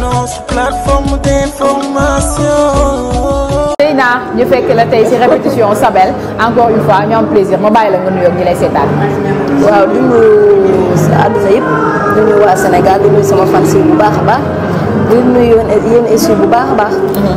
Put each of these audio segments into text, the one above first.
nos plateformes d'information. tey naa ñu fekk la tey ci répétition Sabel encore une fois ñu plaisir ma la nga nuyoog ñu lay seetaan. waaw di nuyu àdduna yëpp di nuyu waa Sénégal di nuyu sama fan si bu baax a baax. di nuyu yéen émission bu baax baax. Mhm.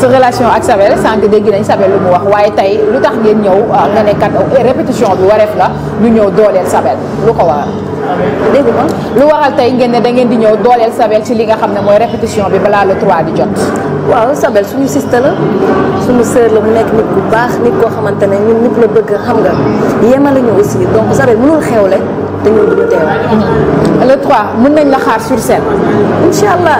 sa relation ak Sabel sànq dégg nañ Sabel lu mu wax waaye tey lu tax ngeen ñëw ah, nga ne kat répétition bi wareef la ñu ñëw dooleel Sabel lu ko waral. dégg nga lu waral tey ngeen ne da ngeen di ñëw dooleel Sabel ci li nga xam ne mooy répétition bi balaa le 3 di jot. waaw Sabel suñu sista suñu sœur la mu nekk nit ku baax nit koo xamante ne ñun nit la bëgg xam nga yemale ñu aussi donc Sabel mënul xewle te ñun duñu teew. le 3 mun nañ la xaar sur scène. incha allah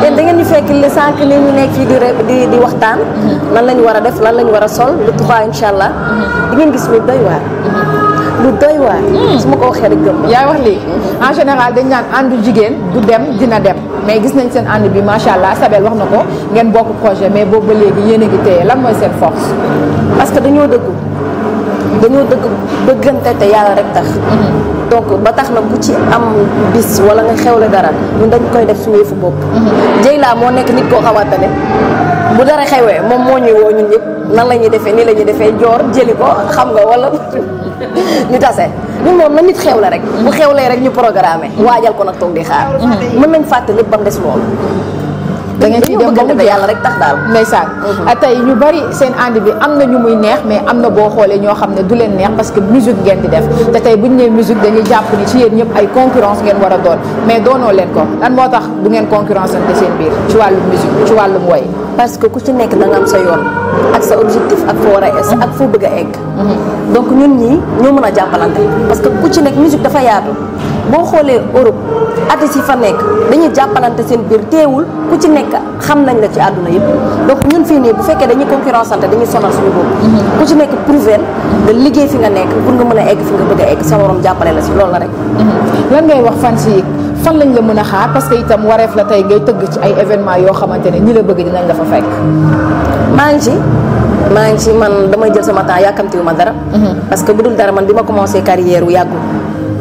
te da ngeen ñu fekk li sànq ni ñu nekk fii di di di waxtaan. Mm-hmm. lan lañ war a def lan lañ war a sol le 3 incha allah. Mm-hmm. di ngeen gis lu doy waar. Mm-hmm. lu doy waar. Hmm. su ma ko waxee rek gëm. yaay wax lii en général dañ naan àndu jigéen du dem dina dem mais gis nañ seen ànd bi macha allah Sabel wax na ko ngeen bokk projet mais boobu ba léegi yéen a ngi téye lan mooy seen force. parce que dañoo dëggu. dañoo dëgg dëggante te yàlla rek tax mm-hmm. donc ba tax na ku ci am bis wala nga xewle dara ñun dañ koy def suñu yëfu bopp Dieyla mm-hmm. moo nekk nit koo xamante ne bu dara xewee moom moo ñuy woo ñun ñëpp nan la ñuy defee nii lañuy defee joor jëli ko xam nga wala ñu dase ñun moom na nit xew xewle rek bu xewlee rek ñu programmé waajal ko nag toog di xaar mm-hmm. mën nañ fàtte lépp ba mu des loolu da ngeen ciy dem ba mu jeex yàlla rek tax daal ndeysaan mhm. ah, tey ñu bari seen ànd bi am na ñu muy neex mais am na boo xoolee ñoo xam ne du leen neex parce que ngeen di def te tey bu ñu nee musique dañuy jàpp ci yéen ñëpp ay war a doon mais doonoo leen ko lan moo tax du ngeen concurrence ante seen biir ci wàllum musique ci wàllum woy parce que ku ci nekk da am sa yoon ak sa objectif ak foo a ak foo bëgg a egg mhm. donc ñun ñii ñoo mën a jàppalante parce que ku ci nekk musique dafa yaatu boo xoolee Europe artistes yi fa nekk dañuy jàppalante seen biir teewul ku ci nekk xam nañ la ci àdduna yëpp donc ñun fii nii bu fekkee dañuy concurrence ante dañuy sonal suñu bopp ku ci nekk prouver da liggéey fi nga nekk pour nga mën a egg fi nga bëgg a egg sa morom jàppale la si loolu rek mhm. lan ngay wax fan si fan lañ la mën a xaar parce que itam wareef la tey ngay tëgg ci ay événement yoo xamante ne ñi la bëgg dinañ dafa fekk maa ngi si maa ngi ci man damay jël sama temps yàkkamtiwu ma dara mhm. parce que bu dul dara man ma commencé carrière wu yàggul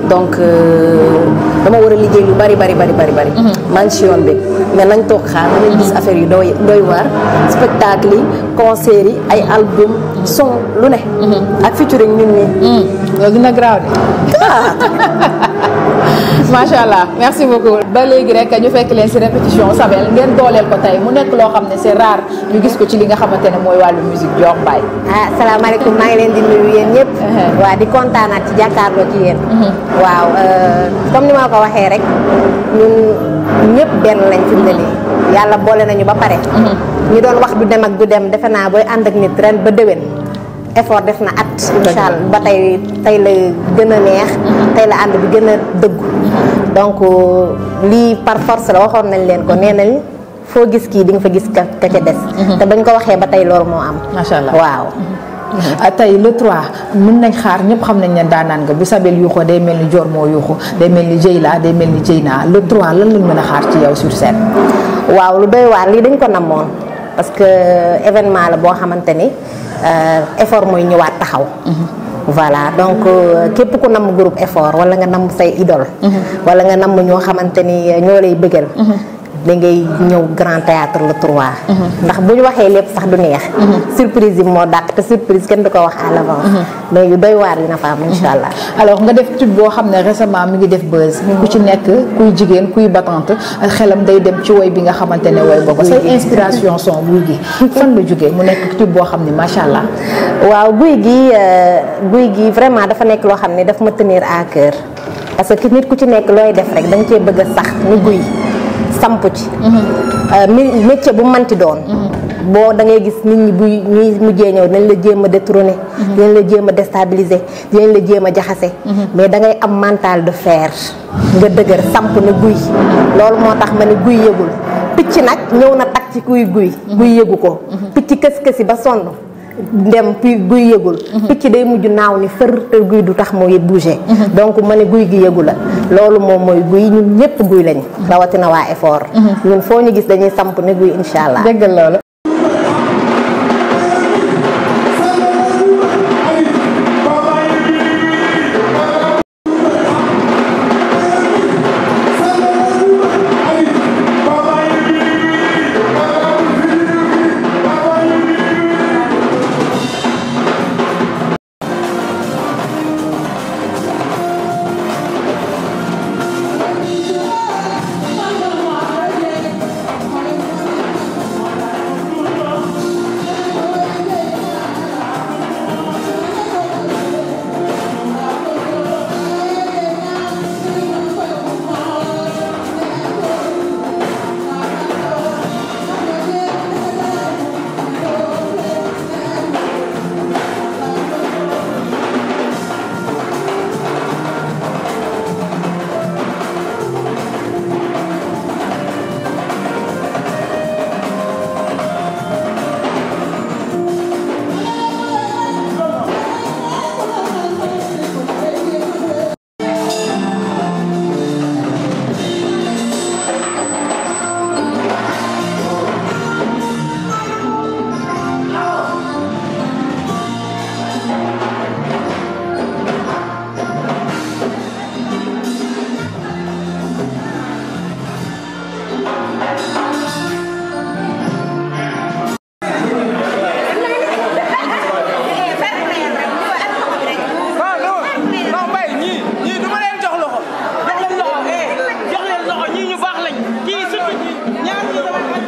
donc euh, dama war a liggéey lu bari bari bari bari bari mhm. maa bi mais nañ toog xaar danañ gis mhm. affaire yu dooy doy waar spectacle yi concert yi ay album son lu ne mhm. ak featuring ñun nii loolu dina grave de ah. macha allah merci beaucoup ba léegi rek ñu fekk leen si répétition Sabel ngeen dooleel ko tey mu nekk loo xam ne c'est rare ñu gis ko ci li nga xamante ne mooy wàllu musique jox mbaay ah salaamaaleykum maa ngi leen di nuyu yéen ñëpp waaw di kontaanaat ci jàkkaarloo ci yéen waaw euh, comme ni ma ko waxee rek ñun ñëpp benn lañ fi mu yàlla boole nañu ba pare ñu doon wax du dem ak du dem defe naa booy ànd ak nit ren ba déwén effort def na at incha allah ba tey tey la gën a neex mm-hmm. tey la ànd bi gën a dëggu mm-hmm. donc euh, lii par force la waxoon nañ leen ko nee nañ foo gis kii di nga fa gis ka ka ca des mm-hmm. te bañ ko waxee ba tey loolu moo am macha allah waaw ah, tey le 3 mën nañ xaar ñëpp xam nañ ne daanaan nga bu Sabel yuuxoo day mel ni Dior moo yuuxu day mel ni Dieyla day mel ni Dieyna le 3 lan lañ mën a xaar ci yow sur scène. waaw lu doy waar lii dañ ko namoon parce que euh, événement la boo xamante ni Euh, effort mooy ñëwaat taxaw. Mhm. voilà donc euh, képp ku namm groupe effort wala nga nam say idole. Mhm. wala nga namm ñoo xamante ni ñoo lay bëggal. Mhm. da ngay ñëw grand théâtre le 3. ndax bu ñu waxee lépp sax du neex. surprise yi moo dàq te surprise kenn du ko wax à l'avance. mais yu doy waar yi na fa am incha allah. Mm-hmm. alors nga def tube boo xam ne récemment mi ngi def buzz. Mm-hmm. ku ci nekk kuy jigéen kuy battante xelam day dem ci woy bi nga xamante ne woy boobu. say inspiration son guy gi fan la jógee mu nekk tube boo xam ne macha allah. waaw guy gi euh, guy gi vraiment dafa nekk loo xam ne daf ma tenir à cœur parce que nit ku ci nekk looy def rek da nga cee bëgg a sax ni guy. samp ci. Mhm. Euh, métier bu manti doon. Mhm. boo da gis nit ñi buy ñuy mujjee ñëw dañ la jéem a détrôner. Mhm. dinañ la jéem a déstabiliser dinañ la jéem a jaxase. mais da ngay am mantale de fer. nga dëgër samp ne guy. loolu moo tax ma ne guy yëgul picc nag ñëw na takk ci kuy guy. guy yëgu ko. picc kës kësi ba sonn. dem puis guy yëgul mhm. picc day mujj naaw ni fër te guy du tax mooy bouger mhm. donc ma ne guy gi yëgu la loolu moom mooy guy ñun ñëpp guy lañ mhm. rawatina waa effort ñun foo ñu gis dañuy samp ne guy incha allah loolu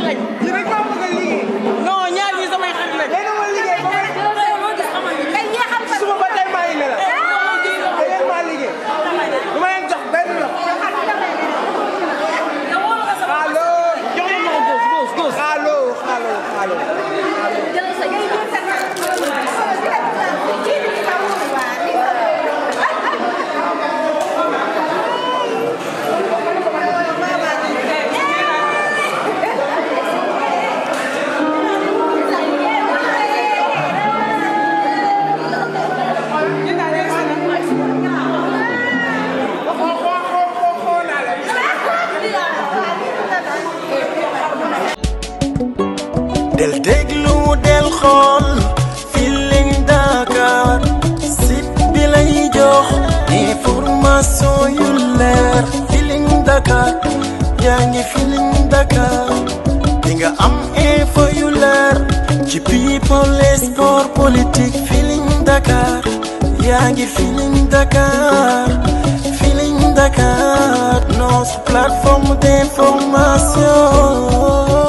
lañ. yéen rek maa bëgg a liggéey. non ñaar ñi samay xarit lañ. léegi ma liggéey ba pare. suba ba tey maa ngi ne la. da ngeen maa liggéey. du ma leen jox benn lox. allo. allo allo allo. del déglu del xool Feeling Dakar site bi lay jox yu leer Feeling Dakar yaa ngi Feeling Dakar di nga am yu leer ci people et sport politique Feeling Dakar yaa ngi Feeling Dakar Feeling Dakar nos plateforme d'information